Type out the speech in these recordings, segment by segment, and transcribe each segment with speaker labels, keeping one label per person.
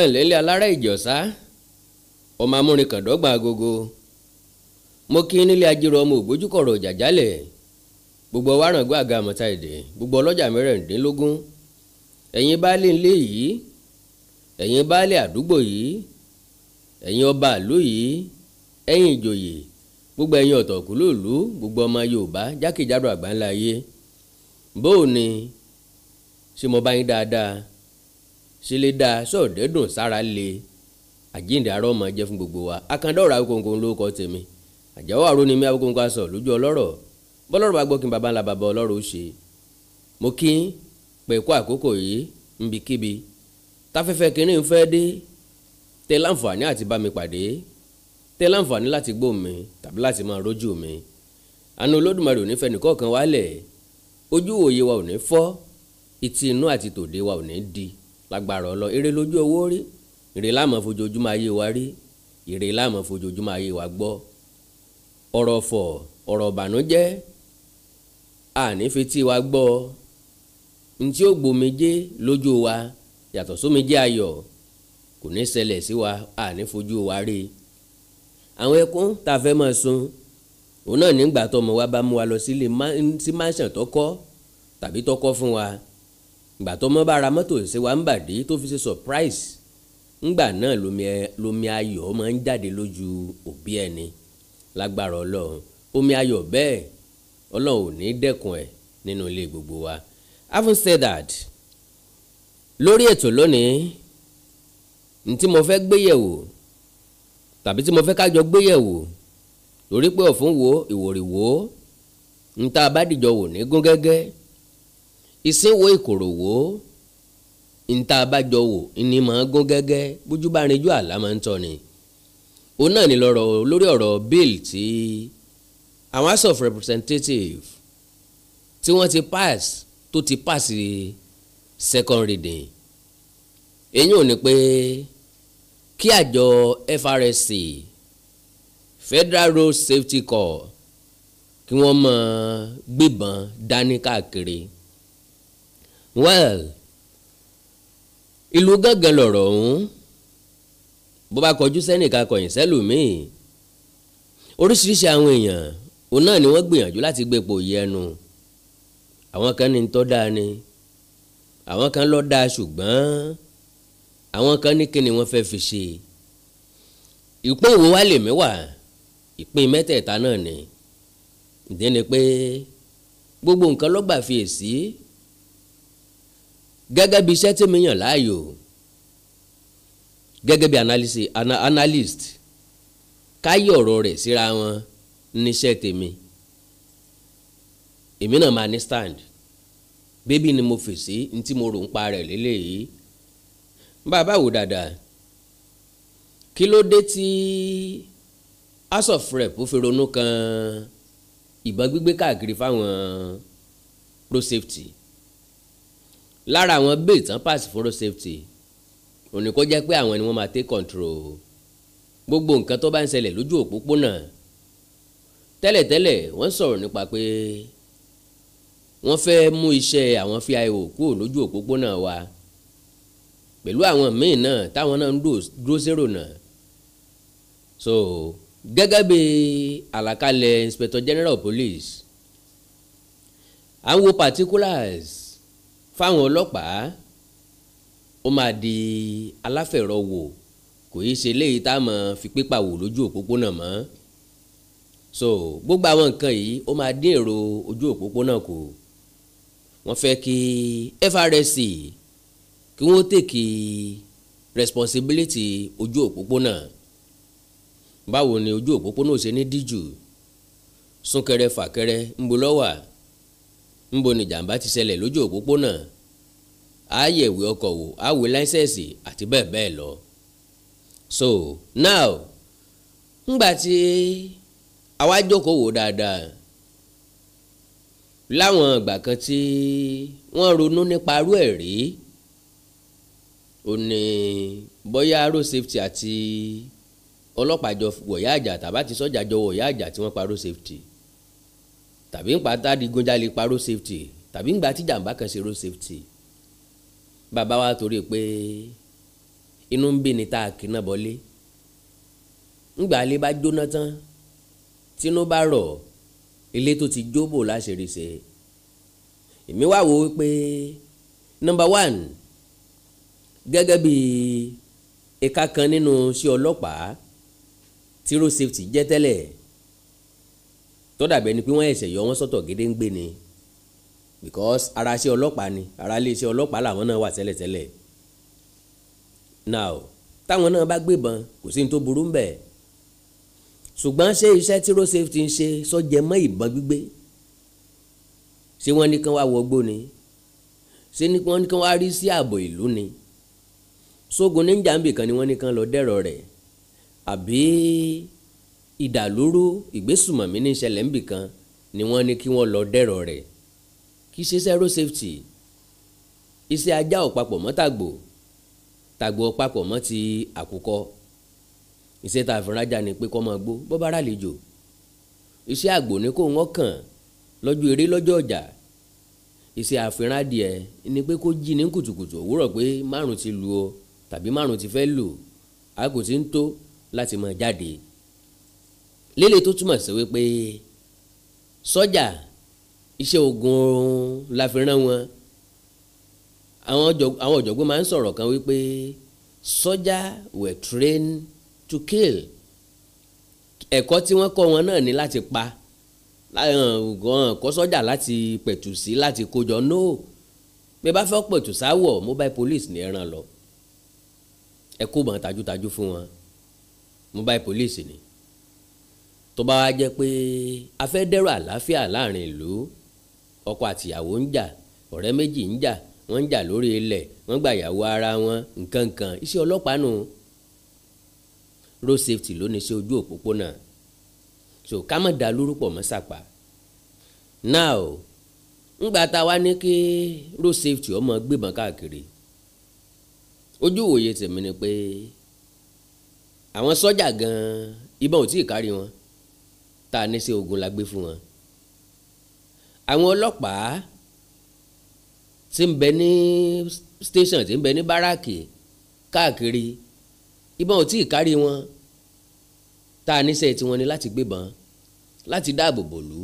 Speaker 1: ẹ ǹlẹ́lẹ́ alára ìjọ̀sá ọmọ amúrin kàndọ́gba agogo mo kí nílé ajírọ̀ ọmọ ògbójúkọ̀rọ̀ jàjálẹ̀ gbogbo wárangó àga àmọ́ta èdè gbogbo ọlọ́jà mẹ́rẹ̀ẹ́dínlógún ẹ̀yin baálé ilé yìí ẹ̀yin baálé àdúgbò yìí ẹ̀yin ọba ìlú yìí ẹ̀yin ìjòyè gbogbo ẹ̀yin ọ̀tọ̀kùlùlù gbogbo ọmọ Yorùbá jákèjádò àgbáńlá ayé bóò ni ṣé mo bá yín dáadáa ṣe lè dáa sọ̀dẹ́ dùn sára le àjíǹde àárọ̀ ọmọ jẹ́ fún gbogbo wa akandọ́ra awikonko ló kọ́ tèmi àjẹwọ́ àrò ni mi awikonko aṣọ lójú ọlọ́rọ̀ bọ́lọ́rọ̀ bá gbọ́ kí n bàbá ńlá bàbá ọlọ́rọ̀ ó ṣe mo kí n pè kó àkókò yìí níbikíbi táfẹ́fẹ́ kínní ń fẹ́ dé tẹ láǹfààní àti bá mi pàdé tẹ láǹfààní láti gbọ́ mi tàbí láti máa rójú mi àánú olódùmarè ò ní fẹ́ nìkọ̀ọ̀kan wálẹ̀ ojú òye wa ò ní fọ́ ìtì inú àti tòde wa ò ní di lágbára ọlọ èrè lójú owó rí èrè láàmú fojoojúmọ́ ayé wa rí èrè láàmú fojoojúmọ́ ayé wa gbọ́ ọ̀rọ̀ fọ̀ ọ̀rọ̀ bànújẹ́ àní fetí wa gbọ́ ntí ó gbòmejé lójú wa yàtọ̀ sómejé ayọ̀ kò ní ṣẹlẹ̀ sí wa àní fojú wa rí àwọn ẹkún tá a fẹ́ máa sun òun náà nígbà tó ọmọ wa bá mú wa lọ sí mansion tó kọ́ tàbí tó kọ́ fún wa ìgbà tó mọ́ bá ra mọ́tò ṣe wá ń bàdé tó fi ṣe surprise ńgbà náà lomi ayọ̀ máa ń jáde lójú òbí ẹni lágbára ọlọ́run omi ayọ̀ bẹ́ẹ̀ ọlọ́run ò ní dẹ́kun ẹ̀ nínú ilé gbogbo wa having said that lórí ètò lónìí ní tí mo fẹ́ gbéyẹ̀wò tàbí tí mo fẹ́ kájọ gbéyẹ̀wò torí pé ọ̀fun wo ìwòrìwò ń tá a bá dìjọ wò ní gún gẹ́gẹ́ ìsínwó ìkòròwò níta abájọ wò ni mà á gún gẹ́gẹ́ bójú bá rinjú àlá máa ń tọ́ ni òun náà ni lọ́rọ̀ lórí ọ̀rọ̀ bill tí àwọn house of representatives tí wọ́n ti pass tó ti pass second reading èyí ò ní pé kí àjọ FRSC Federal Road Safety Corps kí wọ́n máa gbébọn dání káàkiri well ìlú gángan lọ̀rọ̀ ọ̀hún bó bá kọjú sẹ́nìkan kọ̀yìn sẹ́lòmíì oríṣiríṣi àwọn èèyàn òun náà ni wọ́n gbìyànjú láti gbé ipò yìí ẹnu àwọn kan ní tọ́ dáa ni àwọn kan lọ́ dáa ṣùgbọ́n àwọn kan ní kíni wọ́n fẹ́ẹ́ fi ṣe ìpín òun wá lè mí ìpín mẹ́tẹ̀ẹ̀ta náà ni ìdí ni pé gbogbo nǹkan lọ́gbà fi èsì gẹ́gẹ́ bí iṣẹ́ tí mi yàn láàyò gẹ́gẹ́ bí analyst káyé ọ̀rọ̀ rẹ̀ síra wọn níṣẹ́ tèmi èmi náà máa ní stand bébí ni mo fèsì ntí mo rò ń pa rẹ̀ lélẹ́yìí bàbá wò dáadáa kí ló dé tí house of rep ó fi ronú kan ìbọn gbígbé káàkiri fáwọn pro safety lára àwọn bíi tán pass foro safety òní kó jẹ́ pé àwọn ni wọ́n máa take control gbogbo nǹkan tó bá ń ṣẹlẹ̀ lójú òpópónà tẹ́lẹ̀tẹ́lẹ̀ wọ́n sọ̀rọ̀ nípa pé wọ́n fẹ́ mú iṣẹ́ àwọn fíàìwò kúrò lójú òpópónà wa pẹ̀lú àwọn míì náà táwọn náà ń dúró zero náà so gẹ́gẹ́ bí àlàkalẹ̀ inspector general police à ń wo particulars fáwọn ọlọ́pàá ó máa di aláfẹ̀rọ wò kò í ṣe léyìí tá a mọ̀ fi pépà wò lójú òpópónà mọ́ so gbogbo àwọn nǹkan yìí ó máa dín èrò ojú òpópónà kù wọ́n fẹ́ kí FRSC kí wọ́n tèkì responsibility ojú òpópónà báwo ni ojú òpópónà ò ṣe ní díjù súnkẹrẹ fàkẹrẹ ńbo lọ́wà ńbo ni jàǹbá ti ṣẹlẹ̀ lójú òpópónà àyẹ̀wé ọkọ̀ wò àwé láńsẹ̀sì àti bẹ́ẹ̀ bẹ́ẹ̀ lọ. so now ngbà tí àwa jókòó wò dáadáa láwọn ìgbà kan tí wọ́n ronú nípa arú ẹ̀ rí ó bóyá road safety àti ọlọ́pàá jọ wọ̀yá àjà tàbá ti sọ́jà jọ wọ̀yá àjà tí wọ́n pa safety tàbí ń pa tá adigunjalè pa road safety tàbí ń gba tí jàǹbá kan ṣe road safety bàbá wa torí pé inú ń bí ni tá a kì náà bọ́lé ńgbà ilé bá jóná tán tínú bá rọ̀ ilé tó ti jóbò láṣẹrìṣẹ èmi wá wò pé nọ́mbà one gẹ́gẹ́ bí ẹ̀ka kan nínú sí ọlọ́pàá tí safety jẹ́ tẹ́lẹ̀ tó dàbẹ̀ ni pé wọ́n ẹ̀ṣẹ̀ yọ wọ́n sọ́tọ̀ gédéǹgbé ni. So because ara iṣẹ́ ọlọ́pàá ni ara iléeṣẹ́ ọlọ́pàá làwọn náà wà tẹ́lẹ̀tẹ́lẹ̀ now táwọn náà bá gbébọn kò sí ní tó burú mbẹ̀ ṣùgbọ́n ṣé iṣẹ́ tí road safety ń ṣe sọ́jẹ́ mọ́ ìbọn gbígbé ṣé wọ́n ní kán wá wọgbó ni ṣé wọ́n ní kán wá rí sí ààbò ìlú ni sógun níjà ńbì kan ni wọ́n ní kán lọ dẹ̀rọ̀ rẹ̀ àbí ìdàlúrú ìgbésùmọ̀mí ní ìṣẹ̀lẹ̀ ńbì kan ni wọ́n ní kí wọ́n lọ dẹ̀rọ̀ rẹ̀ kì í ṣe zero safety iṣẹ́ ajá ò papọ̀ mọ́ tàgbò tàgbò ò papọ̀ mọ́ ti àkùkọ iṣẹ́ tá a fi rájà ni pé kọ́ máa gbó bó bá ràlejò iṣẹ́ àgbò ni kò wọ́n kàn lọ́jọ́ eré lọ́jọ́ ọjà iṣẹ́ àfihàn ni pé kó jí ní kùtùkùtù òwúrọ̀ pé márùn ti lu o tàbí márùn ti fẹ́ lù a kò ti ń tó láti máa jáde lélẹ̀ tó túmọ̀ sí wípé sọ́jà. So iṣẹ́ ogun la fi rán wọn àwọn ọ̀jọ̀gbọ́n máa ń sọ̀rọ̀ kan wípé sọ́jà were trained to kill ẹ̀kọ́ tí wọ́n kọ́ wọn náà ní láti pa kọ́ sọ́jà láti pẹ̀tù sí láti kójọ no bí ẹ bá fẹ́ pẹ̀tù sáwọ̀ mobile police ní ẹran lọ ẹ kó bọn tajútajú fún wọn mobile police ni tó bá wá jẹ́ pé a fẹ́ dẹ́rọ àlàáfíà láàrin ìlú ọkọ àtìyàwó ń jà ọ̀rẹ́ méjì ń jà wọ́n ń jà lórí ilẹ̀ wọ́n gbà yàwó ara wọn nǹkan kan iṣẹ́ ọlọ́pàá nù road safety ló ní sí ojú òpópónà so ká má da lórúkọ mọ́ sàpà now ńgbà tá a wá ní kí road safety ọmọ gbébọn káàkiri ojú ìwòye tèmi ni pé àwọn sọ́jà gan-an ìbọn ò tí ì kárí wọn tá a ní sí ogun la gbé fún wọn àwọn ọlọ́pàá tí ń bẹ ní station tí ń bẹ ní báràkì káàkiri ìbọn ò tí ì kárí wọn tá a níṣẹ́ tiwọn ni láti gbébọn láti dáàbò bòlú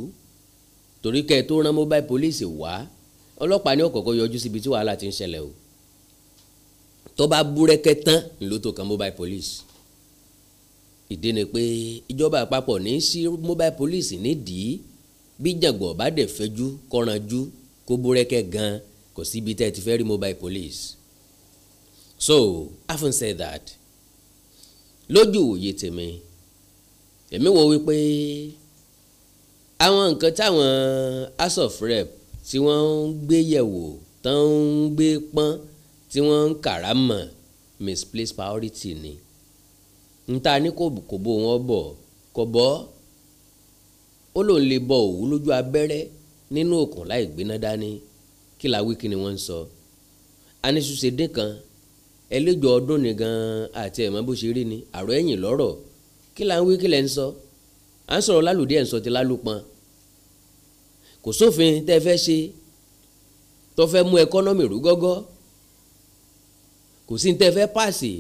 Speaker 1: torí kẹ́ ẹ tó rán mobile police wá ọlọ́pàá ní ọ̀kọ̀ọ̀kan yọjú síbi tí wàhálà ti ń ṣẹlẹ̀ o tó bá búrẹ́kẹ́ tán ló tó kan mobile police ìdí ni pé ìjọba àpapọ̀ ní sí mobile police nídìí bí jàgbọ̀ bá dẹ̀ fẹ́jú kọ́ranjú kó búrẹ́kẹ́ gan kò síbi tẹ́ ẹ ti fẹ́ rí mobile police. so having said that lójú òye tèmi èmi wò wípé àwọn nǹkan táwọn house of rep tí wọ́n ń gbé yẹ̀wò tán ń gbé pọ́n tí wọ́n ń kàrámọ̀ misplaced priority ni n ta ni kò bó wọn bọ̀ kò bọ́ ó lóun lè bọ òwú lójú abẹ́rẹ́ nínú òkun láì gbéná dání kí la wí kí ni wọ́n ń sọ. anisuse dín kan ẹlẹ́jọ́ ọdún ni gan-an àti ẹ̀mọ́ bó ṣe rí ni àrò ẹ̀yìn lọ́rọ̀ kí la ń wí kí lẹ̀ ń sọ à ń sọ̀rọ̀ lálùdí ẹ̀ ń sọ ti lálùpọ̀n kò sófin tẹ́ ẹ fẹ́ ṣe tó fẹ́ mú ẹkọ́nọ́mì rú gọ́gọ́ kò sí tẹ́ ẹ fẹ́ pàṣẹ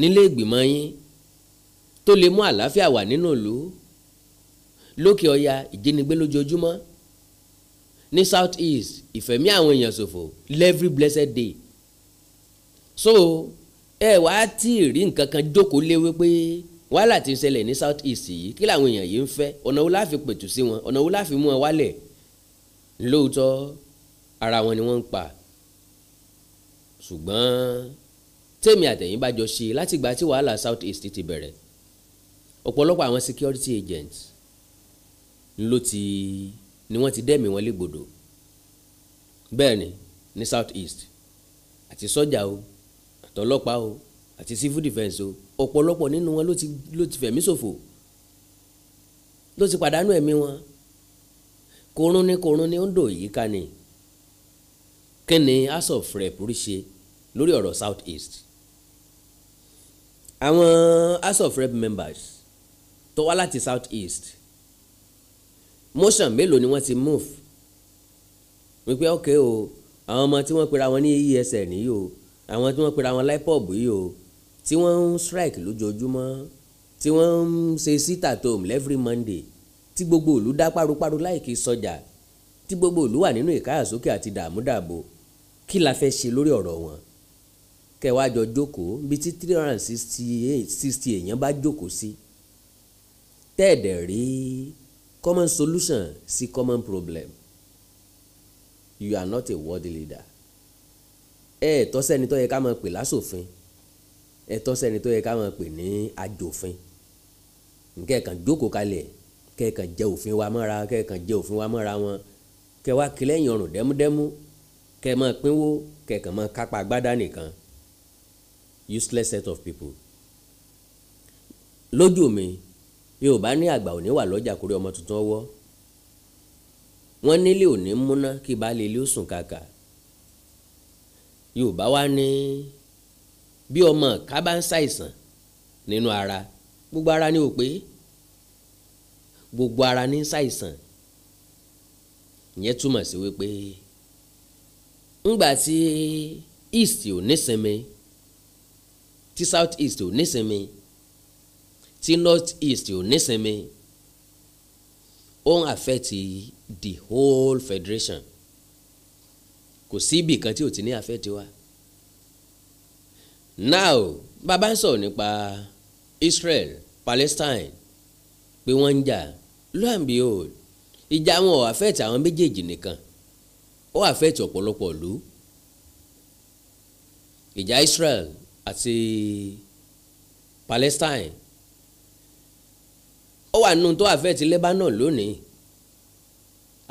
Speaker 1: nílé ìgbìmọ̀ yín tó lè mú àlàáfíà wà nínú ìlú lókè ọya ìjínigbé lójoojúmọ́ ní south east ìfẹ̀mí àwọn èèyàn ṣòfò every blessed day so ẹ wá tí ì rí nǹkan kan jókòó lé wípé wàhálà ti ń ṣẹlẹ̀ ní south east yìí kí làwọn èèyàn yìí ń fẹ́ ọ̀nà wo la fi pẹ̀tù sí wọn ọ̀nà wo la fi mú wọn wálẹ̀ lóòótọ́ ara wọn ni wọ́n ń pa ṣùgbọ́n tèmi àtẹ̀yìn bá jọ ṣe látìgbà tí wàhálà south east ti bẹ̀rẹ̀ ọ̀pọ̀lọpọ̀ àwọn security agents ló ti ni wọ́n ti dẹ́mi wọn légbodò bẹ́ẹ̀ ni ní south east àti sọ́jà o àtọlọ́pàá o àti civil defence o ọ̀pọ̀lọpọ̀ nínú wọn ló ti fẹ̀mí ṣòfò ló ti pàdánù ẹ̀mí wọn korun ni korun ni ó ń dò yìí ká ni kí ni house rep rí ṣe lórí ọ̀rọ̀ south east àwọn house rep members tó wá láti south east motion mélòó ni wọ́n ti move wípé ok o àwọn ọmọ tí wọ́n pera wọn ní ESN yìí o àwọn tí wọ́n pera wọn LIPOB yìí o tí wọ́n ń strike lójoojúmọ́ tí wọ́n ń ṣe sit at home every Monday tí gbogbo ìlú dá paropáro láìkí sọjà tí gbogbo ìlú wà nínú ìkáyàsókè àti dààmúdàbò kí la fẹ́ ṣe lórí ọ̀rọ̀ wọn kẹwàá jọ jókòó bíi tí three hundred and sixty èèyàn bá jókòó sí tẹ́ẹ̀dẹ̀ rí i common solution sí common problem you are not a world leader ẹ ẹ tọ́ sẹ́ni tó yẹ ká máa pè lásòfin ẹ tọ́ sẹ́ni tó yẹ ká máa pè ní ajòfin nkẹ́ẹ̀kan jókòó kalẹ̀ kẹ́ẹ̀kan jẹ òfin wa mọ́ra kẹ́ẹ̀kan jẹ òfin wa mọ́ra wọn kẹ́ wá kílẹ̀yìn ọrùn dẹ́múdẹ́mú kẹ́ máa pínwó kẹ́ẹ̀kan máa kápá gbádá nìkan useless set of people lójú mi yorùbá ní àgbà òní wà lọ́jà kórè ọmọ tuntun ọwọ́ wọ́n nílé òní múná kí baálé ilé ó sùn kàkà yorùbá wá ní bí ọmọ ká bá ń ṣàìsàn nínú ara gbogbo ara ní òpè gbogbo ara ní ṣàìsàn ìyẹn túmọ̀ sí wípé ńgbà tí east ò nísinmi tí south east ò nísinmi tí north east ò nísinmi ó ń affect the whole federation kò sí ibì kan tí ò ti ní affect wa now bàbá ń sọ̀rọ̀ nípa Israel Palestine pé wọ́n ń jà lo and behold ìjà wọn ò affect àwọn méjèèjì nìkan ó affect ọ̀pọ̀lọpọ̀ ìlú ìjà Israel àti Palestine ó wà nínú tó àfẹ́ ti Lebanon lónìí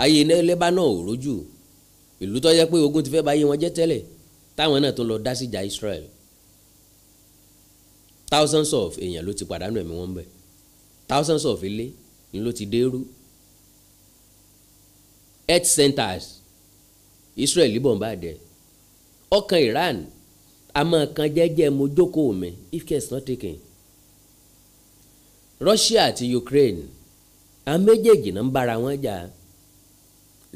Speaker 1: ayé Lebanon ò rójú ìlú tó yẹ pé ogun ti fẹ́ bá yé wọn jẹ́ tẹ́lẹ̀ táwọn náà tó lọ dá síjà Israel thousands of èèyàn ló ti pàdánù ẹ̀mí wọn bẹ̀ thousands of ilé ni ló ti dérú health centers Israel bọ̀m̀bàdẹ̀ ọkàn Iran àmọ́ kan jẹ́jẹ́ mo mi if care is not taken Russia àti Ukraine àwọn méjèèjì náà ń bára wọn jà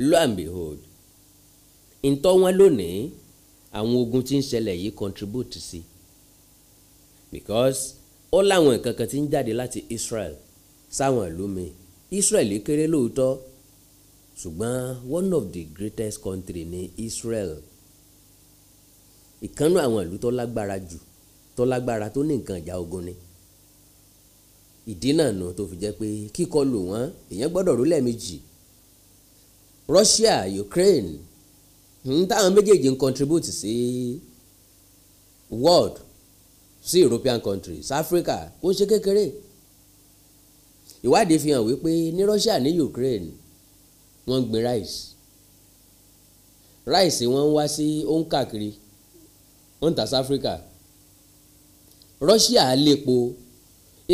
Speaker 1: lo and behold ntọ́ wọn lónìí àwọn ogun tí ń ṣẹlẹ̀ yìí contribute sí because ó láwọn nǹkan kan tí ń jáde láti Israel sáwọn ìlú mi Israel kéré lóòótọ́ ṣùgbọ́n one of the greatest country ní Israel ìkànnú àwọn ìlú tó lágbára jù tó lágbára tó ní nǹkan ìjà ogun ni ìdínànù tó fi jẹ́ pé kíkọlù wọn èèyàn gbọ́dọ̀ rú lẹ́ẹ̀mejì Russia Ukraine ń táwọn méjèèjì ń contribute sí world sí European countries Africa kò ń ṣe kékeré ìwádìí fi hàn wípé ní Russia ní Ukraine wọ́n gbin rice rice wọ́n ń wá sí òun káàkiri Africa Russia lépo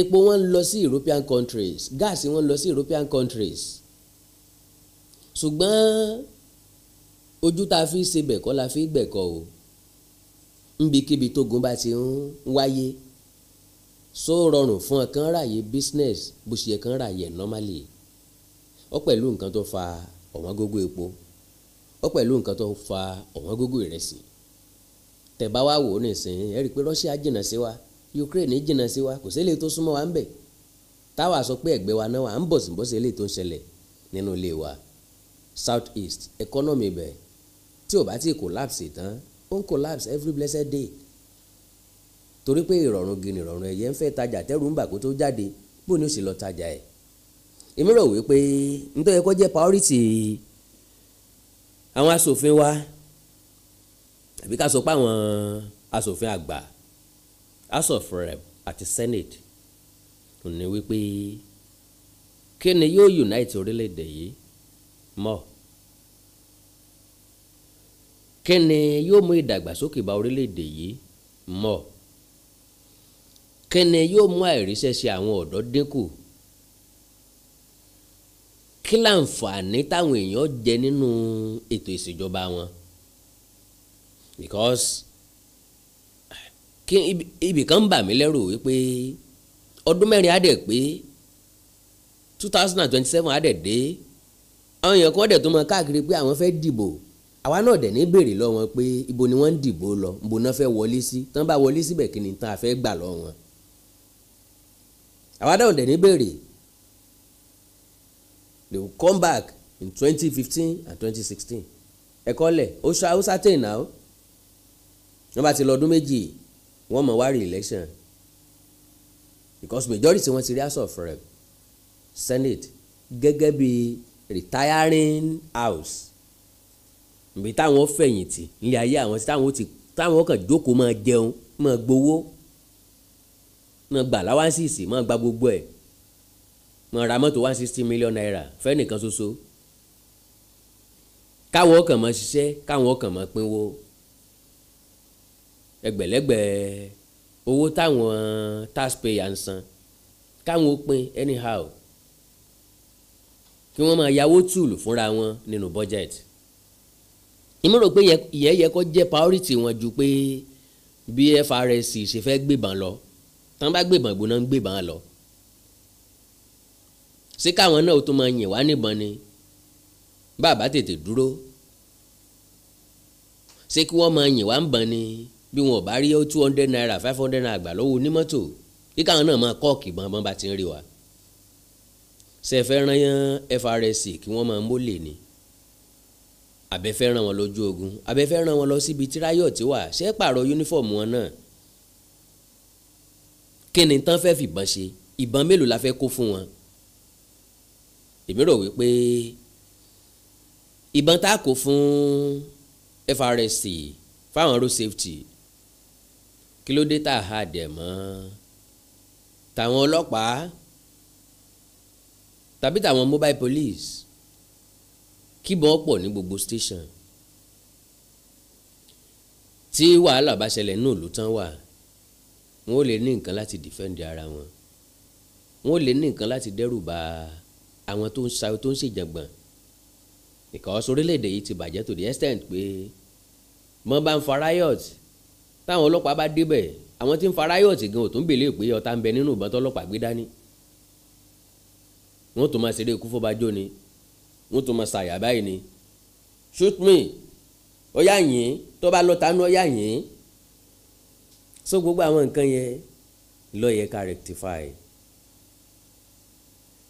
Speaker 1: epo wọn lọ sí European countries gáàsì wọn lọ sí European countries ṣùgbọ́n ojú tá a fi ṣe bẹ̀kọ́ la fi gbẹ̀kọ́ o nbikíbi tógun bá ti ń wáyé so rọrùn fún ọ kàn ráàyè business bó ṣe yẹ kàn ráàyè normally ọ pẹ̀lú nǹkan tó fa ọ̀wọ́n gógó epo ọ pẹ̀lú nǹkan tó fa ọ̀wọ́n gógó ìrẹsì tẹ̀bá wa wò ó nìsín ẹ rí i pé Russia jìnnà sí wa Ukraine jìnnà sí wa kò sí eléyìí tó súnmọ́ wa ń bẹ̀ táwa sọ pé ẹ̀gbẹ́ wa náà wà ń bọ̀ sí bọ́sẹ̀ eléyìí tó ń ṣẹlẹ̀ nínú ilé wa South East economy bẹ̀ tí ò bá ti collapse tán ó ń collapse every blessed day torí pé ìrọ̀rùn gini ìrọ̀rùn ẹ̀yẹ ń fẹ́ tajà tẹ́rù ń bà kó tó jáde bó ni ó sì lọ tajà ẹ̀ èmi rò wípé nítorí kó jẹ́ priority àwọn asòfin wa àbí ká sọ pé àwọn asòfin àgbà house of rep àti senate tó ní wípé kí ni yóò unite orílẹ̀-èdè yìí mọ́ kí ni yóò mú ìdàgbàsókè bá orílẹ̀-èdè yìí mọ́ kí ni yóò mú àìríṣẹ́ ṣe àwọn ọ̀dọ́ dínkù kí láǹfààní táwọn èèyàn jẹ nínú ètò ìṣèjọba wọn because kí ibì kan bà mí lẹ́rù wípé ọdún mẹ́rin á dẹ̀ pé two thousand and twenty seven á dẹ̀ dé àwọn èèyàn kan dẹ̀ tó mọ káàkiri pé àwọn fẹ́ dìbò àwa náà dẹ̀ ní béèrè lọ wọn pé ibo ni wọ́n ń dìbò lọ ibo náà fẹ́ wọlé sí tán bá wọlé síbẹ̀ kí ni tán a fẹ́ gbà lọ wọn àwa náà dẹ̀ ní béèrè they will come back in twenty fifteen and twenty sixteen ẹ̀kọ́ lẹ̀ ó ṣàtẹ̀ náà wọ́n bá ti lọ ọdún méjì yìí wọ́n mọ̀ wá re-election because majority wọn ti rí house of rep senate gẹ́gẹ́ bí retiring house ibi táwọn fẹ̀yìntì nílé ayé àwọn táwọn ti táwọn kàn jókòó máa jẹun máa gbowó máa gbà láwáṣìṣì máa gba gbogbo ẹ̀ máa ra mọ́tò one sixty million naira fẹ́nìkan ṣoṣo káwọn kàn máa ṣiṣẹ́ káwọn kàn máa pínwó ẹgbẹ̀lẹ́gbẹ̀ owó táwọn taxpayer ń san káwọn ó pín anyhow kí wọ́n máa yáwó tùlù fúnra wọn nínú budget ìmọ̀ rò pé ìyẹn yẹ kó jẹ́ priority wọn ju pé bí FRSC ṣe fẹ́ gbébọn lọ tán bá gbébọn gbóná ń gbébọn lọ ṣé káwọn náà tó máa yìn wá níbọn ni bàbá tètè dúró ṣé kí wọ́n máa yìn wá ń bọn ni. Ba, ba, bí wọn ò bá rí two hundred naira five hundred naira gbà lọ́wọ́ onímọ́tò kí káwọn náà máa kọ́ọ̀kì bọ́n bọ́n bá ti ń rí wa ṣe fẹ́ rán FRSC kí wọ́n máa mólè ni àbẹ́fẹ́ rán wọn lójú ogun àbẹ́fẹ́ rán wọn lọ síbi tí ráyọ̀ ti wà ṣé pààrọ̀ yúnífọ̀mù wọn náà kí ni tán fẹ́ fìbọn ṣe ìbọn mélòó la fẹ́ kó fún wọn èmi rò wípé ìbọn tá a kó fún FRSC fáwọn road safety kí ló dé tá a ha dẹ̀ mọ́ tàwọn ọlọ́pàá tàbí tàwọn mobile police kíbọn pọ̀ ní gbogbo station tí wàhálà bá ṣẹlẹ̀ náà ló tán wà wọn ò lè ní nǹkan láti defend ara wọn wọn ò lè ní nǹkan láti dẹ́rù bà àwọn tó ń sa tó ń ṣèjàngbọ̀n because orílẹ̀-èdè yìí ti bàjẹ́ to the extent pé wọ́n bá ń fa riot táwọn ọlọ́pàá bá débẹ̀ àwọn tí ń fara yọ̀ọ̀tì gan ò tún bèlè pé ọ̀tá ń bẹ nínú ìbọn tọ́lọ́pàá gbé dání wọ́n tún máa ṣeré ikú fọ́bajọ́ ni wọ́n tún máa ṣàyà báyìí ni shoot me ọ̀yà yín tó bá lọ́ta ní ọ̀yà yín so gbogbo àwọn nǹkan yẹn ló yẹ ká rectify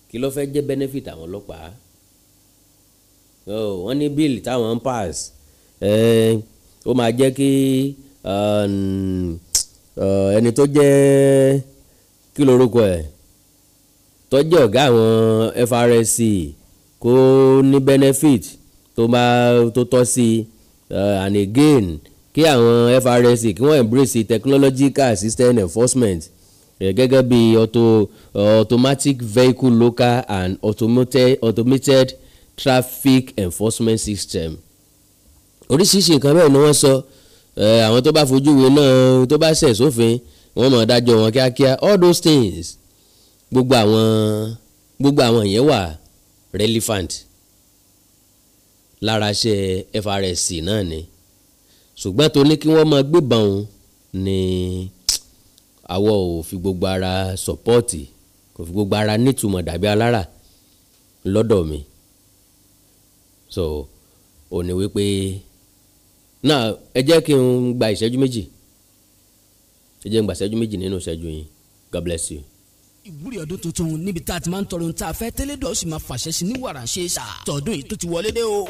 Speaker 1: kí ló fẹ́ jẹ́ benefit àwọn ọlọ́pàá oh, wọ́n ní bill táwọn ń pass eh, ó máa jẹ́ kí. Eh, Uh, ẹni tó jẹ́ kí lorúkọ ẹ̀ tó jẹ́ ọ̀gá àwọn FRSC kó ní benefit tó máa tó tọ́ sí uh, and again kí àwọn FRSC kí wọ́n embrace technological assisted enforcement eh, gẹ́gẹ́ bí auto, automatic vehicle local and automated, automated traffic enforcement system oríṣiríṣi nǹkan bẹ́ẹ̀ ni wọ́n sọ so, àwọn tó bá fojú wo náà tó bá ṣẹ̀ sófin wọ́n mọ̀ dájọ́ wọn kíákíá all those things gbogbo àwọn gbogbo àwọn yẹn wà relevant lára iṣẹ́ FRSC náà ni ṣùgbọ́n tó ní kí wọ́n máa gbébọn òun ni àwọ̀ ò fi gbogbo ara sọ̀pọ́ọ̀tì kò fi gbogbo ara nítumọ̀ dàbí alára lọ́dọ̀ mi so ò ní wípé náà ẹ jẹ́ kí n gba ìṣẹ́jú méjì ẹ jẹ́ n gba ìṣẹ́jú méjì nínú ìṣẹ́jú yín God bless you
Speaker 2: ìwúrí ọdún tuntun níbi tá a ti máa ń tọrọ ohun tá a fẹ́ sì máa fàṣẹ sí ní wàrà ṣe é sà tọdún yìí tó ti wọlé dé o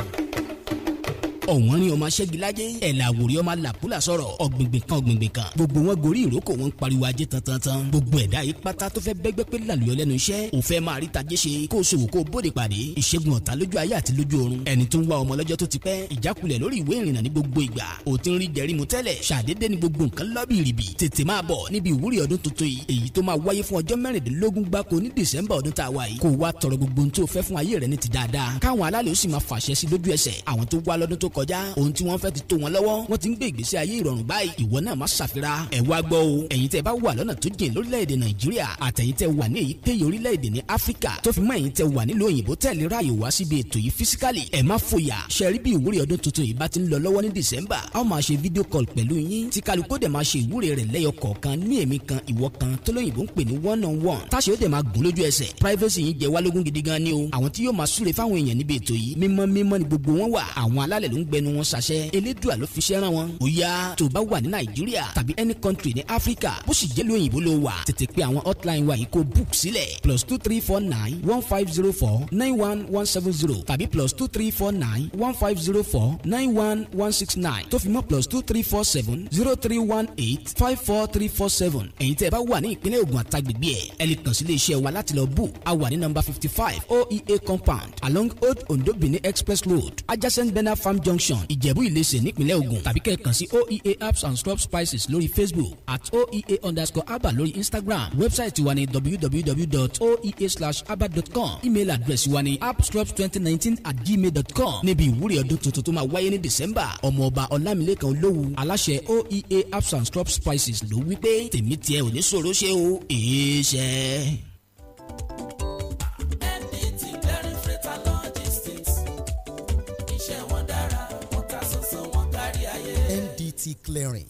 Speaker 2: ọ̀wọ́n rin ọmọ aṣẹ́gilájẹ́ ẹ̀là àwòrán ọmọ làkúlà sọ̀rọ̀ ọ̀gbìngbìn kan ọ̀gbìngbìn kan gbogbo wọn gorí ìrókò wọn pariwo ajé tantan gbogbo ẹ̀dá yìí pátá tó fẹ́ bẹ́gbẹ́ pé làlùyọ lẹ́nu iṣẹ́ ò fẹ́ máa rí tajé ṣe kó o ṣòwò kó o bóde pàdé ìṣègùn ọ̀tá lójú ayé àti lójú ọ̀run ẹni tó ń wá ọmọ lọ́jọ́ tó ti pẹ́ ìjákulẹ̀ lórí ìwé ìrìnnà ní gbogbo ìgbà ò ti ń rí jẹ̀rí mu tẹ́lẹ̀ ṣàdédé ni gbogbo nǹkan lọ́bì rìbì tètè máa bọ̀ níbi ìwúrí ọdún tuntun yìí èyí tó máa wáyé fún ọjọ́ mẹ́rìndínlógún gbáko ní dẹ̀sẹ̀mbà ọdún tá a wà yìí kó o wá tọrọ gbogbo ohun tó fẹ́ fún ayé rẹ ní ti dáadáa káwọn alálẹ̀ ó sì máa fàṣẹ sí lójú ẹsẹ̀ àwọn tó wá lọ́dún tó kọjá ohun tí wọ́n fẹ́ ti tó wọn lọ́wọ́ wọ́n ti ń gbé ìgbésí ayé ìrọ̀rùn báyìí ìwọ náà má ṣàfira ẹ̀ wá gbọ́ o ẹ̀yin tẹ́ bá wà lọ́nà tó jìn lórílẹ̀‐èdè nàìjíríà àtẹ̀yin tẹ́ wà ní èyíkéyìí orílẹ̀‐èdè ní áfíríkà tó fi mọ́ ẹ̀yin tẹ́ wà nílùú òyìnbó tẹ̀lé ráàyè wá síbi ètò yìí físíkàlì ẹ̀ má fòyà ṣẹ́rí bí ìwúrí ọdún tuntun yìí bá ti ń lọ lọ́wọ́ ní dìsẹ́mbà a ó máa ṣe fídíò kọ́ọ̀lù pẹ̀lú yín tí kálukó dẹ̀ máa ṣe ìwúrí rẹ̀ lẹ́yọ kọ̀ọ̀kan ní èmi kan ìwọ kan tó ń pè ní one on one táṣe ó dẹ̀ máa gùn lójú ẹsẹ̀ privacy yìí jẹ́ wá gidi gan ni o àwọn tí yóò máa súre fáwọn èèyàn ń gbẹnu wọn ṣàṣẹ elédùà ló fi ṣẹ́ rán wọn. ó yá tó bá wà ní nàìjíríà tàbí any country ní áfíríkà bó sì jẹ́ lóyìnbó ló wà tètè pé àwọn hotline wa yìí kó book sílẹ̀ plus two three four nine one five zero four nine one one seven zero tàbí plus two three four nine one five zero four nine one one six nine tó fi mọ́ plus two three four seven zero three one eight five four three four seven ẹ̀yin tẹ́ ẹ bá wà ní ìpínlẹ̀ Ògùn àtàgbègbè ẹ̀ ẹ lè kàn sí iléeṣẹ́ wa láti lọ book a wà ní nọ́mbà fifty five oea compound along old ondo benin express road adjacent bena farm junction junction ìjẹ̀bú ìlẹsẹ̀ nípínlẹ̀ Ògùn tàbí kẹ́ẹ̀kan sí oea apps and stop spices lórí facebook at oea underscore aba lórí instagram wẹ́bsáìtì wa ni www.oea/aba.com email address wa ni appstrops2019 at gmail.com níbi ìwúrí ọdún tuntun tó máa wáyé ní december ọmọọba ọlámilẹ́kan olówu aláṣẹ oea apps and stop spices ló wí pé tèmi tiẹ̀ ò ní ṣòro ṣe o èé ṣe.
Speaker 3: clearing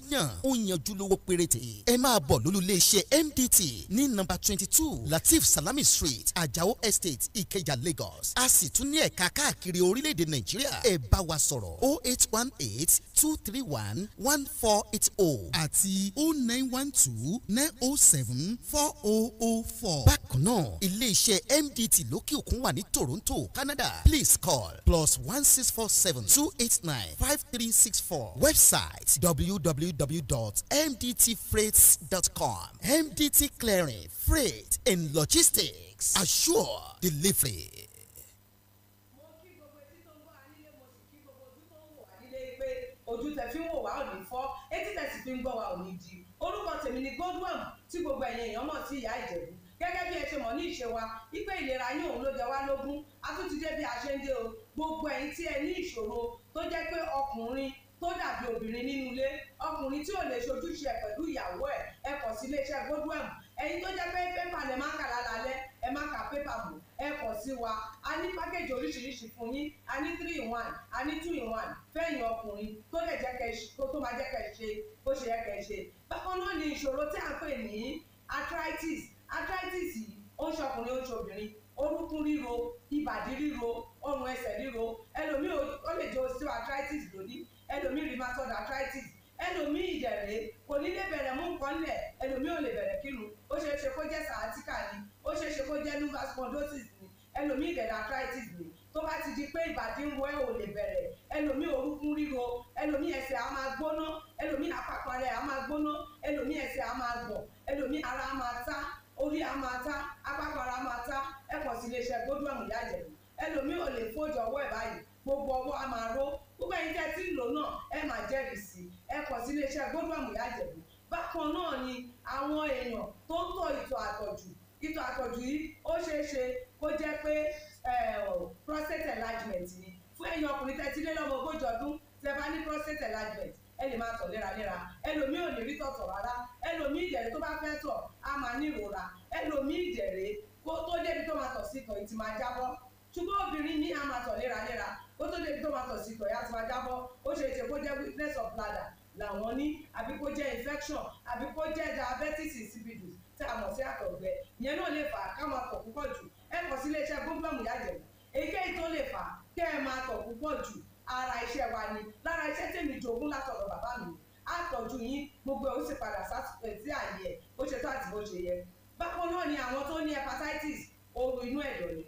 Speaker 3: yàn ó yanjú lówó péréte ẹ máa bọ̀ lólùléeṣẹ́ MDT ní nọ́mbà twenty two Latif Salami Street Ajao Estate Ikeja Lagos a sì tún ní ẹ̀ka káàkiri orílẹ̀-èdè Nàìjíríà ẹ bá wa sọ̀rọ̀ o oh eight one eight two three one one four eight oh àti O oh nine one two nine oh seven four oh oh four. bákan náà iléeṣẹ́ MDT lókè òkun wà ní Toronto Canada please call plus one six four seven two eight nine five three six four website www.mdtfreights.com MDT Clearing Freight and Logistics assure delivery.
Speaker 4: ojú tẹ fi ń wò wá ò ní etí tẹ sì fi ń gbọ́ wá ò di orúkọ tèmi ni Godwin tí gbogbo ẹ̀yin èèyàn mọ̀ sí ìyá Ìjẹ̀bú gẹ́gẹ́ bí ẹ ṣe mọ̀ ní ìṣe wa ìlera yín òun ló jẹ wá lógún a tún ti bí a ṣe ń dé o gbogbo ẹ̀yin tí ẹ ní ìṣòro tó jẹ́ pé ọkùnrin tó dàbí obìnrin nínú ilé ọkùnrin tí ò lè ṣojúṣe ẹ̀ pẹ̀lú ìyàwó ẹ̀ ẹ kàn sí iléeṣẹ́ Godwin ẹ̀yin tó jẹ́ pé pépà lẹ máa kà lálálẹ́ ẹ máa kà pépà bò ẹ kọ̀ sí wa a ní pákéjì oríṣiríṣi fún yín a ní three in one a ní two in one fẹ́yìn ọkùnrin tó lè jẹ́ kẹ́ tó máa jẹ́ kẹ́ ṣe bó ṣe yẹ kẹ́ ṣe bákan náà ni ìṣòro tí a pè ní arthritis arthritis yìí ó ń ṣọkùnrin ó ń ṣobìnrin orúkún ríro ìbàdí ríro ọrùn ẹsẹ̀ ríro ẹlòmíì ó lè jẹ́ osteo arthritis lónìí ẹlòmíì rheumatoid arthritis ẹlòmíì ìdẹ̀rẹ̀ kò ní lè bẹ̀rẹ̀ mú nǹkan lẹ̀ ẹlòmíì ò lè bẹ̀rẹ̀ kírun ó ṣeé ṣe kó jẹ́ sciatica ni ó ṣeé ṣe kó jẹ́ lumbar spondylosis ni ẹlòmíì ìdẹ̀rẹ̀ arthritis ni tó bá ti di pé ìbàdí ń wọ ẹ̀ ò lè bẹ̀rẹ̀ ẹlòmíì orúkún ríro ẹlòmíì ẹsẹ̀ á máa gbóná ẹlòmíì àpapọ̀ rẹ̀ á máa gbóná ẹlòmíì ẹsẹ̀ á máa gbọ̀n ẹlòmíì ara á máa ta orí á máa ta àpapọ̀ ara á máa ta ẹ̀pọ̀ sí iléeṣẹ́ gbódúọ̀mù yájẹ̀ ẹlòmíì ò lè fojú ọwọ́ ẹ̀ báyìí gbogbo ọwọ́ á máa ró gbogbo ẹ̀yin tẹ́ ti ń lò náà ẹ máa jẹ́rìí sí ẹ kàn sí iléeṣẹ́ gbọ́dọ̀ àmúyá àjẹ̀bù bákan náà ni àwọn èèyàn tó ń tọ̀ ìtọ̀ àtọ̀jù ìtọ̀ àtọ̀jù yìí ó ṣeé ṣe kó jẹ́ pé prostate enlargement ni fún ẹ̀yin ọkùnrin tẹ́ ti lé lọ́mọ ogójì ọdún tẹ́ bá ní prostate enlargement ẹ lè máa tọ̀ léraléra ẹlòmíì ò ní rí tọ̀tọ̀ rárá ẹlòmíì ìjẹ̀rẹ̀ tó bá fẹ́ tọ̀ á máa ní ìrora ẹlòmíì ìjẹ̀rẹ̀ kó tó débi tó máa tọ̀ sí tọ̀ ìtì máa jábọ́ ṣùgbọ́n obìnrin ní a máa tọ̀ léraléra ó tó débi tó máa tọ̀ sí ìtọ̀yà tí wàá jábọ́ ó ṣe ṣe kó jẹ́ weakness of bladder làwọn ní àbí kó jẹ́ infection àbí kó jẹ́ diabetes insipidus tí a mọ̀ sí àtọ̀gbẹ ìyẹn náà lè fà á ká máa tọ̀ púpọ̀ jù ẹ kàn sí iléeṣẹ́ gómìnà yàjẹ̀ èyíkéyìí tó lè fà á kẹ́ ẹ máa tọ̀ púpọ̀ jù ara iṣẹ́ wa ni lára iṣẹ́ tèmi jogún látọ̀dọ̀ bàbá mi àtọ̀jú yín gbogbo ẹ̀ ó sì padà sí àyè ó ṣe tó àti bó ṣe yẹ bákan náà ni àwọn tó ní hepatitis ooru inú ẹ̀dọ̀ ni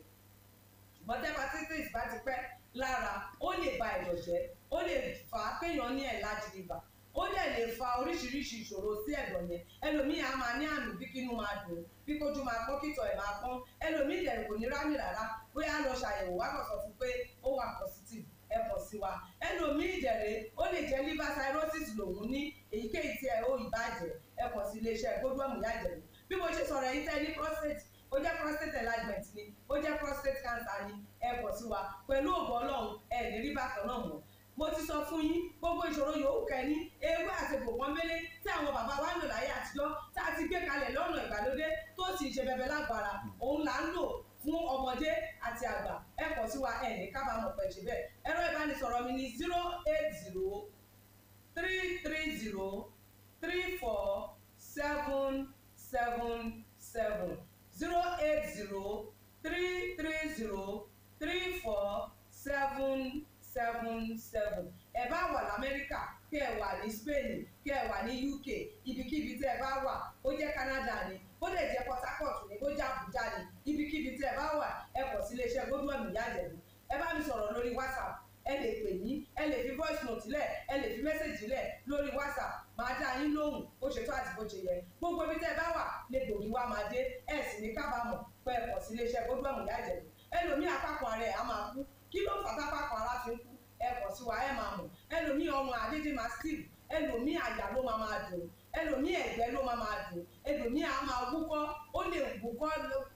Speaker 4: ṣùgbọ́n hepatitis bá ti pẹ́ lára ó lè ba ẹ̀dọ̀ jẹ́ ó lè fà á péyàn ní enlarged liver ó dẹ̀ lè fa oríṣiríṣi ìṣòro sí ẹ̀dọ̀ yẹn ẹlòmíì á máa ní àmì bí kínú máa dùn bí kójú máa pọ́n kìtọ̀ ẹ̀ máa pọ́n ẹlòmíì dẹ̀ kò ní rámì rárá bóyá lọ ṣàyẹ̀wò wá kàn sọ fún pé ó wà positive ẹ kàn sí wa ẹlòmíì dẹ̀rẹ̀ ó lè jẹ́ liver cirrhosis lòun ní èyíkéyìí tí ẹ ó ìbàjẹ́ ẹ kàn sí iléeṣẹ́ gbogbo ẹ̀mú yàjẹ̀ bí mo ṣe sọ̀rọ̀ yìí tẹ́ prostate ó jẹ́ prostate enlargement ni ó jẹ́ prostate cancer ni ẹ bọ̀ sí wa pẹ̀lú ògbọ́n ọlọ́run ẹ ní rí bákan náà mọ́ mo ti sọ fún yín gbogbo ìṣòro yòówù kẹ́ni ewé àti gbòǹkan mélé tí àwọn bàbá wa ń lò láyé àtijọ́ tá a ti gbé kalẹ̀ lọ́nà ìgbàlódé tó sì ṣe bẹbẹ lágbára òun là ń lò fún ọmọdé àti àgbà ẹ kọ sí wa ẹ ní kábàámọ̀ pẹ̀ jù bẹ́ẹ̀ ẹ̀rọ ìbánisọ̀rọ̀ mi ni zero eight zero three three zero three four seven seven seven. 08033034777 ẹ bá wà lamẹ́ríkà kẹ́ ẹ wà ní spain kẹ́ ẹ wà ní uk ibikíbi tẹ́ ẹ bá wà ó jẹ́ canada ni ó lè jẹ́ port harcourt ni ó jẹ́ abuja ni ibikíbi tẹ́ ẹ bá wà ẹ kọ̀ sí iléeṣẹ́ gbódúmọ̀mí yájẹ̀bù ẹ bá mi sọ̀rọ̀ lórí whatsapp ẹ lè pè mí ẹ lè fi voice note lẹ̀ ẹ lè fi message lẹ̀ lórí whatsapp màá dá yín lóhùn bó ṣe tó àti bó ṣe yẹ gbogbo ibi tẹ́ ẹ bá wà lè gbòòrí wa máa dé ẹ sì ní kábàámọ̀ pé ẹ kàn sí iléeṣẹ́ gbogbo ẹ̀mú yájẹ̀ ẹlòmíì apákan ara ẹ̀ á máa kú kí ló fà tápákan ara fi ń kú ẹ kàn sí wa ẹ máa mọ̀ ẹlòmíì ọmọ àdédé máa sleep ẹlòmíì àyà ló máa máa dùn ẹlòmíì ẹ̀gbẹ́ ló máa máa dùn ẹlòmíì á máa wúkọ́ ó lè wúkọ́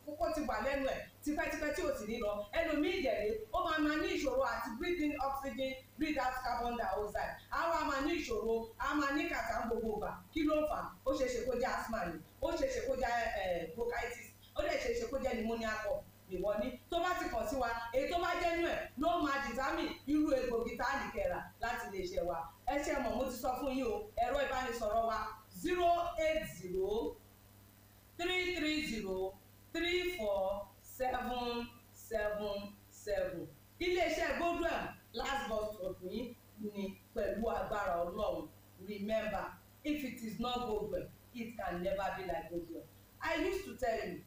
Speaker 4: kókó ti wà lẹ́nu ẹ̀ tipẹ́tipẹ́ tí ò sì ní lọ ẹlòmíì ìjẹ̀lẹ̀ ó máa máa ní ìṣòro àti breathe oxygen breathe out carbon dioxide á wá máa ní ìṣòro á máa ní kàtà gbogbo gbà kí ló fà ó ṣeé ṣe kó jẹ́ asthma ni ó ṣeé ṣe kó jẹ́ bronchitis ó lè ṣeé ṣe kó jẹ́ pneumonia cough ìwọ ní tó bá ti kàn sí wa èyí tó bá jẹ́ nú ẹ̀ ló máa dìtámì irú egbògi tá a nìkẹ́ra láti lè ṣe wa ẹ ṣe mọ̀ mo ti sọ fún yín o ẹ̀rọ ìbánisọ̀rọ̀ wa zero eight zero three three zero three four seven seven seven iléeṣẹ́ goldwell last but not least ni pẹ̀lú agbára ọlọ́run remember if it is not goldwell it can never be like goldwell i used to tell you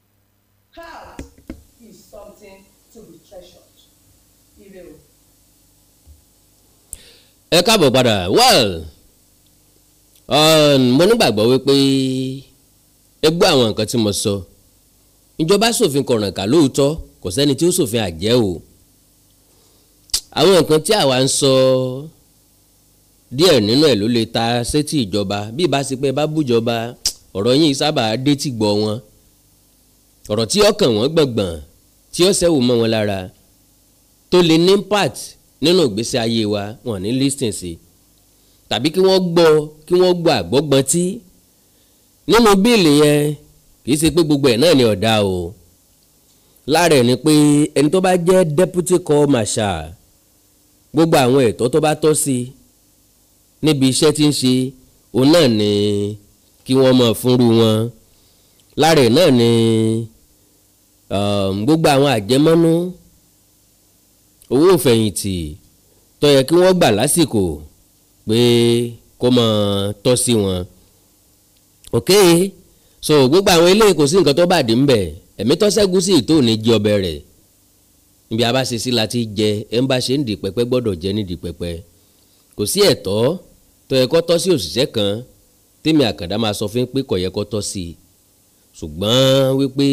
Speaker 4: health is something to be treasured ire o.
Speaker 1: ẹ káàbọ̀ padà well mo nígbàgbọ́ wípé ẹ gbọ́ àwọn nǹkan tí mo sọ ìjọba ṣòfin kọ̀rànkà lóòótọ́ kò sẹ́ni tí ó ṣòfin àjẹ́ o àwọn nǹkan tí àwa ń sọ díẹ̀ nínú ẹ̀ ló lè ta sétí ìjọba bí ìbá sí pé bá bújọba ọ̀rọ̀ yín sábà dé tì gbọ́ wọn ọ̀rọ̀ tí ọkàn wọn gbọ̀ngbọ̀n tí ó sẹ́wò mọ́ wọn lára tó lè ní part nínú ìgbésí ayé wa wọn ní lísìn sí i tàbí kí wọ́n gbọ́ kí wọ́n gbọ́ àgbọ́gbọ́n tí nínú bíìlì yẹn kì í ṣe pé gbogbo ẹ̀ náà ni ọ̀dà o lára ẹ̀ ni pé ẹni tó bá jẹ́ deputy call marshal gbogbo àwọn ẹ̀tọ́ tó bá tọ́ sí níbi iṣẹ́ tí ń ṣe òun náà ni kí wọ́n mọ̀ fúnru wọn lára ẹ̀ náà ni um, gbogbo àwọn àjẹmọ́nú owó ìfẹ̀yìntì tó yẹ kí wọ́n gbà lásìkò pé kó mọ̀ tọ́ sí wọn. ok so gbogbo àwọn eléyìí kò sí nǹkan tó bàdí ń bẹ̀ ẹ̀mí tọ́sẹ́gun sí ìtò ní jẹ ọbẹ̀ rẹ̀ níbi abáṣe sí la ti jẹ ẹ̀ ń bá ṣe ń di pẹpẹ gbọ́dọ̀ jẹ ní di pẹpẹ kò sí ẹ̀tọ́ tó yẹ kó tọ́ sí òṣìṣẹ́ kan tèmi àkàndá máa sọ fún pé kò yẹ kó tọ́ sí i ṣùgbọ́n wípé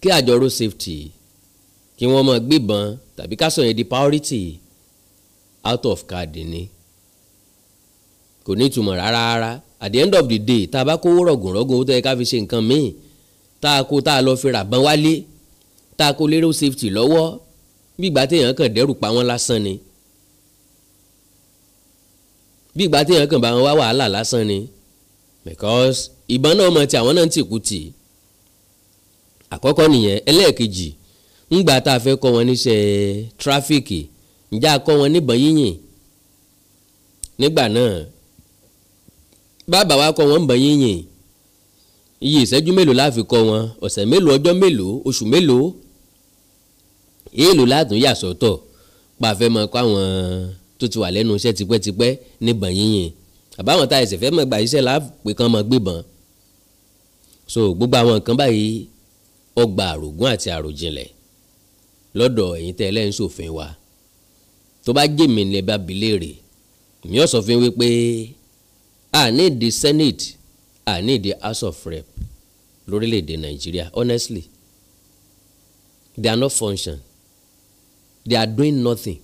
Speaker 1: kí àjọ road safety kí wọ́n máa gbébọn tàbí ká sọ yẹn di priority out of card ni kò ní ìtumọ̀ rárá rárá at the end of the day tá a bá kówó rọ̀gùn rọ̀gùn owó tó yẹ ká fi ṣe nǹkan míì tá a kó tá a lọ fi rà bán wálé tá a kó lérò safety lọ́wọ́ bí ìgbà téèyàn kàn dẹ́rù pa wọ́n lásán ni bí ìgbà téèyàn kàn bá wọn wá wàhálà lásán ni because ìbọn náà mọ̀ tí àwọn náà ń tìkú tì àkọ́kọ́ nìyẹn ẹlẹ́ẹ̀kejì ńgbà tá a fẹ́ kọ́ wọn níṣẹ́ tráfíkì ǹjẹ́ a kọ́ wọn níbọn yíyìn nígbà náà bàbá wa kọ́ wọn ń bọ̀ yín yìn iye ìṣẹ́jú mélòó la fi kọ́ wọn ọ̀sẹ̀ mélòó ọjọ́ mélòó oṣù mélòó èèlò látún yà sọ́tọ̀ pàfẹ́ mọ kó àwọn tó ti wà lẹ́nu iṣẹ́ tipẹ́tipẹ́ níbọn yíyìn àbáwọn tá ẹsẹ̀ fẹ́ mọ̀ gbà iṣẹ́ láàpè kan mọ̀ gbébọn so gbogbo àwọn nǹkan báyìí ọgbà àrògún àti àròjinlẹ̀ lọ́dọ̀ ẹ̀yin tẹ́ ẹlẹ́yin ṣòfin wa tó bá jẹ́ mi lè bá bi léèrè mi ò sọ fún wípé a ní ìdí senate a ní ìdí house of rep lórílẹ̀‐èdè nàìjíríà honestly they are not function they are doing nothing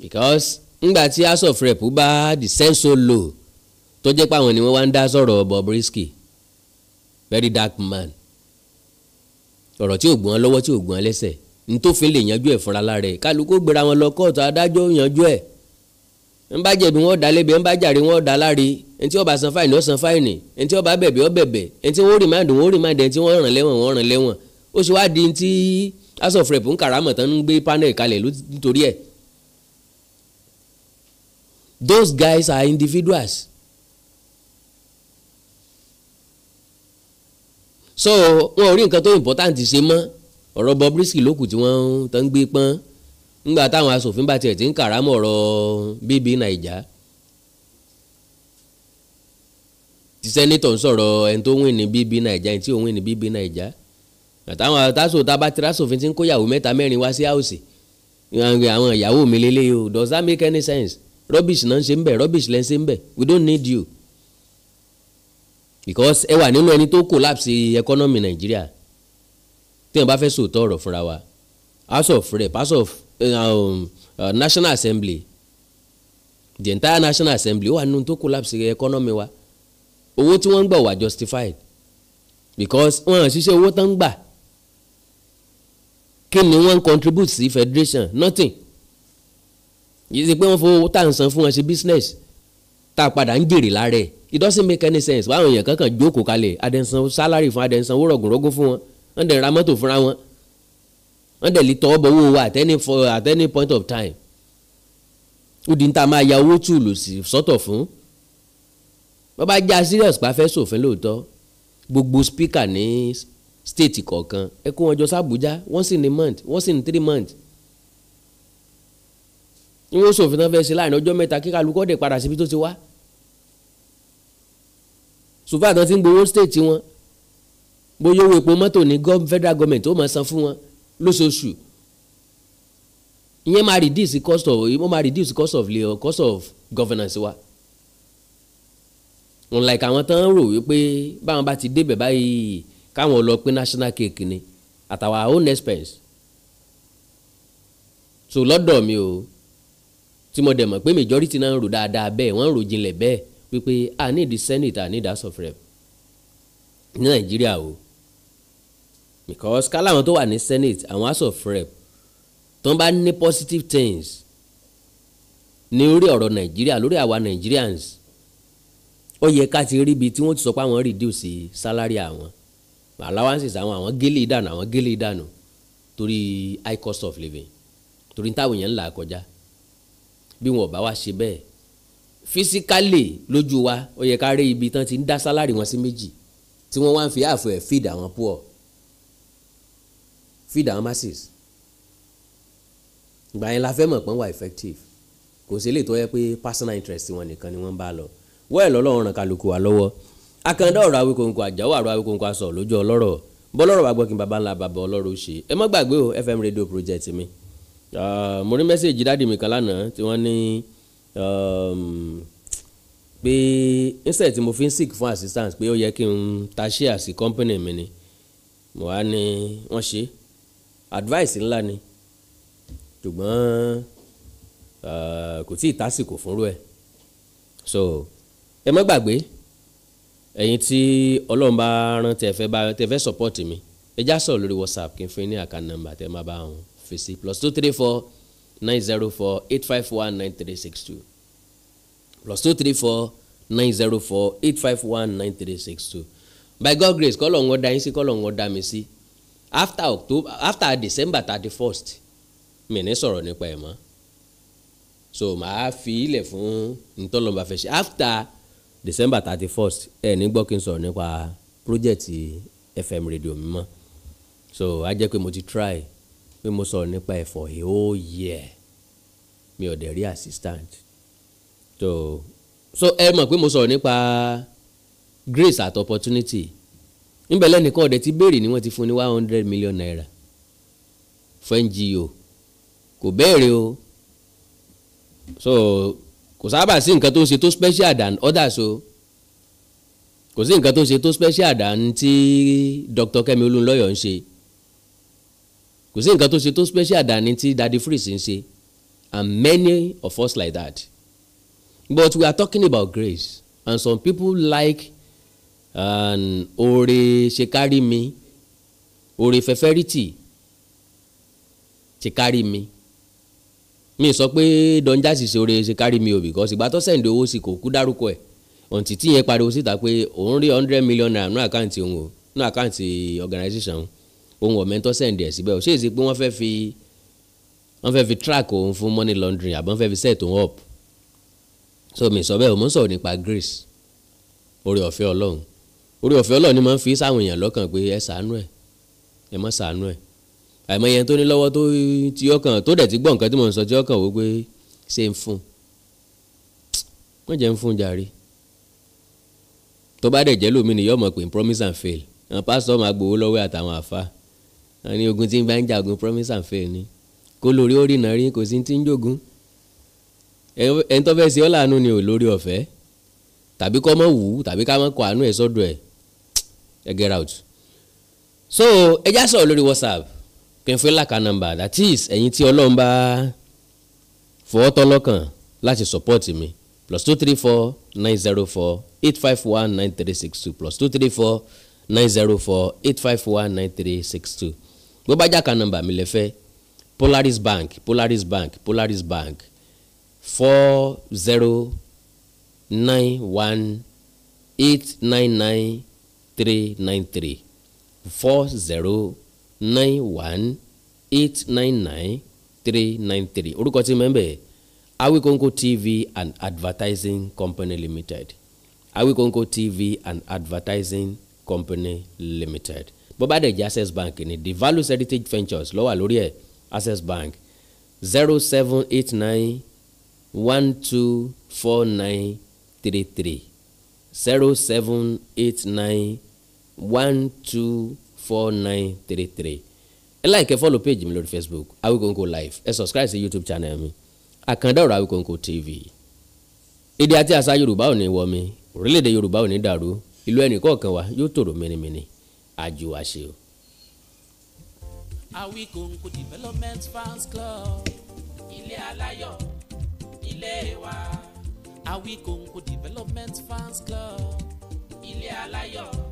Speaker 1: because ngbà tí house of rep bá descend so low tó jẹ́ pé àwọn ni wọ́n wá ń dá sọ̀rọ̀ Bobrisky very dark man ọ̀rọ̀ tí ò gbọ́n lọ́wọ́ tí ò gbọ́n lẹ́sẹ̀ ní tó fi lè yanjú ẹ̀ fúnra lára ẹ̀ kálukú gbéra wọn lọ kóòtù adájọ́ yanjú ẹ̀ ń bá wọn dá lẹ́bi ń bá wọn dá láre ẹni san fáìní ó fáìní ẹni tí bẹ̀bẹ̀ ó bẹ̀bẹ̀ ẹni tí wọ́n máa dùn wọ́n rì máa dẹ̀ ẹni tí ràn lẹ́wọ̀n wọ́n ràn lẹ́wọ̀n ó ṣe wá di ti house ń karamọ̀ tán ń gbé panel kalẹ̀ nítorí ẹ̀. those guys are individuals. so wọn ò rí nǹkan tó important ṣe mọ́ ọ̀rọ̀ Bobrisky lókù tí wọ́n tán ń gbé pọ́n ńgbà táwọn asòfin bá tiẹ̀ ti ń kàrámọ̀ ọ̀rọ̀ bíbí nàìjà ti sẹ́nitọ̀ ń sọ̀rọ̀ ẹni tó wìn ní bíbí nàìjà ẹni tí ò wìn ní bíbí nàìjà àtàwọn àtàṣò tabatira sòfin ti ń kó mẹ́ta mẹ́rin wá sí àwòsì àwọn ìyàwó mi lélẹ́yìí o does that make any sense rubbish náà ń ṣe ń bẹ̀ rubbish lẹ́ ń ṣe ń bẹ̀ we don't need you because ẹ wà nínú ẹni tó collapse economy nàìjíríà tí wọn bá fẹ́ sòótọ́ ọ̀rọ̀ fúnra wa house of rep house of um, um, uh, national assembly the entire national assembly ó wà nínú tó collapse economy wa owó tí wọ́n ń gbà wà justified because wọ́n hàn ṣiṣẹ́ owó tán ń gbà kí ni wọ́n ń contribute sí federation nothing yìí ṣe pé wọ́n fowó tá à ń san fún wọn ṣe business tá a padà ń jèrè lára ẹ̀ it doesn't make any sense báwọn èèyàn kankan jókòó kalẹ̀ adẹ̀sán salary fún adẹ̀sán owó rọ̀gùnrọ̀gùn fún wọn wọ́n dẹ̀ ra mọ́tò fúnra wọn wọ́n dẹ̀ lè tọwọ́ owó at any at any point of time ó di níta máa ya owó tù lò sí sọ́tọ̀ fún wọ́n bá já serious pa fẹ́ ṣòfin lóòótọ́ gbogbo speaker ní state kọ̀ọ̀kan ẹ kó wọn jọ sàbújá wọ́n sì ní month wọ́n sì ní three months ní wọ́n ṣòfin tán fẹ́ ṣe láàrin ọjọ́ mẹ́ta kí kálukọ́ dẹ̀ padà síbi tó ti wá ṣùgbọ́n àtàn ti ń gbowó state wọn bóyá owó epo mọ́tò ní federal government ó máa san fún wọn lóṣooṣù ìyẹn máa reduce cost of ìyẹn máa reduce cost of labour cost of governance wa unlike àwọn tán ń rò wípé báwọn bá ti débẹ̀ báyìí káwọn lọ pín national cake ni at our own expense so lọ́dọ̀ mi o tí mo dẹ̀ mọ̀ pé majority náà ń rò dáadáa bẹ́ẹ̀ wọ́n ń rò jinlẹ̀ bẹ́ẹ̀ wípé i need the senate i need house of rep ní nàìjíríà o because káláwọn tó wà ní senate àwọn house of rep tó ń bá ní positive things ní orí ọ̀rọ̀ nàìjíríà lórí àwa nigerians ó yẹ ká ti rí ibi tí wọ́n ti sọ pé àwọn reduce salary àwọn allowances àwọn àwọn gélé ìdànù e àwọn gélé ìdànù e torí high cost of living torí táwọn èèyàn ń là kọjá bí wọn ò bá wá ṣe bẹ́ẹ̀ physically lójú wa ó yẹ ká rí ibi tán ti ń dá salary wọn sí méjì tí wọ́n wá ń fi àfọ̀ ẹ̀ feed àwọn poor feed àwọn masses ìgbà yẹn la fẹ́ mọ̀ pọ́n wà effective kò sí eléyìí tó yẹ pé personal interest wọn nìkan ni wọ́n bá lọ wẹ́ẹ̀ lọ́lọ́run ràn kálukú wa lọ́wọ́ akanda ọ̀rọ̀ Awíkonko àjáwọ̀ àrò Awíkonko aṣọ lójú ọlọ́rọ̀ bọ́lọ́rọ̀ wa gbọ́ kí n baba ńlá baba ọlọ́rọ̀ ó ṣe ẹ má gbàgbé o FM radio project mi ah, mo rí mẹ́sẹ̀gì dáàdì mi kan lánàá tí wọ́n ní um, pé instead tí mo fi ń seek fún assistance pé ó yẹ kí n ta share company mi ni mo wá ní wọ́n ṣe é advice ńlá ni ṣùgbọ́n eh, kò tí ì tásìkò fúnrú ẹ̀ so ẹ má gbàgbé ẹ̀yin tí ọlọ́run bá rán tẹ fẹ́ bá tẹ fẹ́ support mi ẹ já sọ̀rọ̀ lórí whatsapp kí n fún yín ní àká nọ́mbà tẹ má bá wọn fèsì plus two three four nine zero four eight five one nine three six two plus two three four nine zero four eight five one nine three six two by God grace kọ́ lọ́n wọ́n dá yín sí kọ́ lọ́n wọ́n dá mi sí. Si after october after december thirty first mi ní sọ̀rọ̀ nípa ẹ̀ mọ́ so màá fi ilẹ̀ fún ntọ́lọ́mọba fẹ́ ṣe after december thirty first ẹ̀ ní gbọ́ kí n sọ̀rọ̀ nípa project fm radio mi mọ́ so á jẹ́ pé mo ti try pé mo sọ̀rọ̀ nípa ẹ̀ for a whole year mi ò dẹ̀ rí assistant so so ẹ mọ̀ pé mo sọ̀rọ̀ nípa grace at opportunity níbẹ̀ lẹ́nìkan ọ̀dẹ̀ ti béèrè ni wọ́n ti fún ní one hundred million naira fún NGO kò béèrè o so kò sábà sí nǹkan tó ń ṣe tó special than others o kò sí nǹkan tó ń ṣe tó special than tí Dr. Kẹ́mi Olúnlọ́yọ̀ ń ṣe kò sí nǹkan tó ṣe tó special than tí Daddy Freeze ń ṣe and many of us like that but we are talking about grace and some people like oore ṣe kárí mi oore fẹfẹrìtì ṣe kárí mi mi sọ pé donjasi ṣe oore ṣe kárí mi o because ìgbà tó sẹ̀ǹdì owó sí kò kú dárúkọ ẹ̀ ọ̀ǹtì tí yẹn pariwo síta pé òun rí hundred million naira nú àkáǹtì òun o nú àkáǹtì organisation òun ọ̀mẹ́ntọ́ sẹ̀ǹdì ẹ̀ síbẹ̀ ò ṣe é sí pé wọ́n fẹ́ fi wọ́n fẹ́ fi track òun fún money laundering àbọ̀ wọ́n fẹ́ fi set òun up so mi sọ bẹ́ẹ̀ mo ń sọ̀rọ̀ nípa grace oore ọ̀fẹ́ ọlọ́run orí ọ̀fẹ́ ọlọ́ọ̀ni máa ń fi sáwọn èèyàn lọ́kàn pé ẹ ṣàánú ẹ ẹ má ṣàánú ẹ àìmọ yẹn tó ní lọ́wọ́ tó ti ọkàn tó dẹ̀ ti gbọ́ nǹkan tí mò ń sọ ti ọkàn wò pé ṣé ń fún wọ́n jẹ́ ń fún jàre tó bá dẹ̀ jẹ́ lómi ni yóò mọ̀ pé promise and fail àwọn pásítọ̀ máa gbowó lọ́wọ́ àtàwọn àfa wọn ní ogun tí ń bá ń jagun promise and fail ni kó lórí ó rìnà rí kò sí ti ń jogun ẹni tó fẹ́ ṣe ọ́ láàánú ni ò lórí ọ̀fẹ́ tàbí kọ́ mọ̀ wù ú tàbí ká mọ̀ kọ́ àánú ẹ̀ sọ́dọ̀ ẹ̀ ẹ get out so ẹ já sọ̀rọ̀ lórí whatsapp kí n fún làkà nọ́mbà that is ẹ̀yin tí ọlọ́run bá fọwọ́ tọ́ lọ́kàn láti support mi plus two three four nine zero four eight five one nine three six two plus two three four nine zero four eight five one nine three six two bó bá jàkà nọ́mbà mi lè fẹ́ Polaris Bank Polaris Bank Polaris Bank four zero nine one eight nine nine three nine three four zero nine one eight nine nine three nine three orúkọ tí mẹ́mbẹ́ Awikonko TV and Advertising Company Limited Awikonko TV and Advertising Company Limited bọ́bá jẹ́ Access Bank ni the Value Heritage Ventures ló wà lórí ẹ̀ Access Bank zero seven eight nine one two four nine three three zero seven eight nine one two four nine three three ẹ like ẹ follow page mi lórí facebook awikonko live ẹ subscribe sí youtube channel mi àkàndá ọ̀rọ̀ awikonko tv èdè àti àṣà yorùbá ò ní wọ mi orílẹ̀-èdè yorùbá ò ní dàrú ìlú ẹnì kọ̀ọ̀kan wa yóò tòrò mìnìmìnì àjò wa ṣe o.
Speaker 2: awikonko development fans club ilé aláyọ̀ ilé wa awikonko development fans club
Speaker 4: ilé aláyọ̀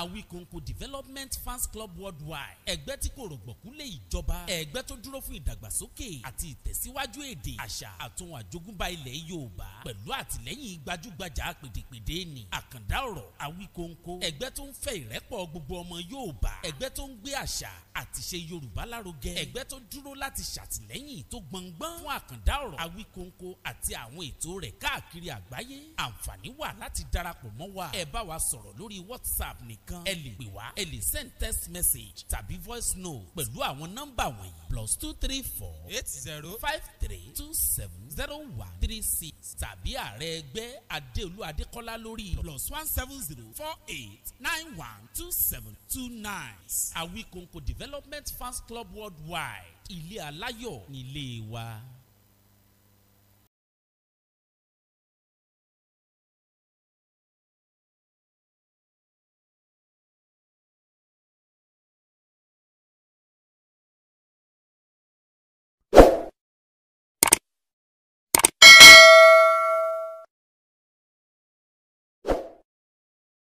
Speaker 2: Awikonko Development Fans Club Worldwide ẹgbẹ́ tí kò rọ̀gbọ̀kú lé ìjọba ẹgbẹ́ tó dúró fún ìdàgbàsókè àti ìtẹ̀síwájú èdè àṣà àtúnwò àjogúnbá ilẹ̀ Yorùbá pẹ̀lú àtìlẹ́yìn gbajúgbajà pèdèpèdè ni àkàndá ọ̀rọ̀ Awikonko ẹgbẹ́ tó ń fẹ́ ìrẹ́pọ̀ gbogbo ọmọ Yorùbá ẹgbẹ́ tó ń gbé àṣà àti ṣe Yorùbá lárugẹ ẹgbẹ́ tó dúró láti ṣàtìlẹ́yìn tó gbọ̀ngbọ́n fún àkàndá ọ̀rọ̀ Awíkonko àti àwọn ètò rẹ̀ káàkiri àgbáyé àǹfààní wà láti darapọ̀ mọ́ wa ẹ bá wa sọ̀rọ̀ lórí WhatsApp nìkan ẹ lè pè wá ẹ lè send text message tàbí voice note pẹ̀lú àwọn nọ́mbà wọ̀nyí plus two three four eight zero five three two seven zero one three six tàbí ààrẹ ẹgbẹ́ Adéolú Adékọ́lá lórí plus one seven zero four eight nine one two seven two nine Awíkonko development. Development Fans Club Worldwide ilé aláyọ̀ nílé wa.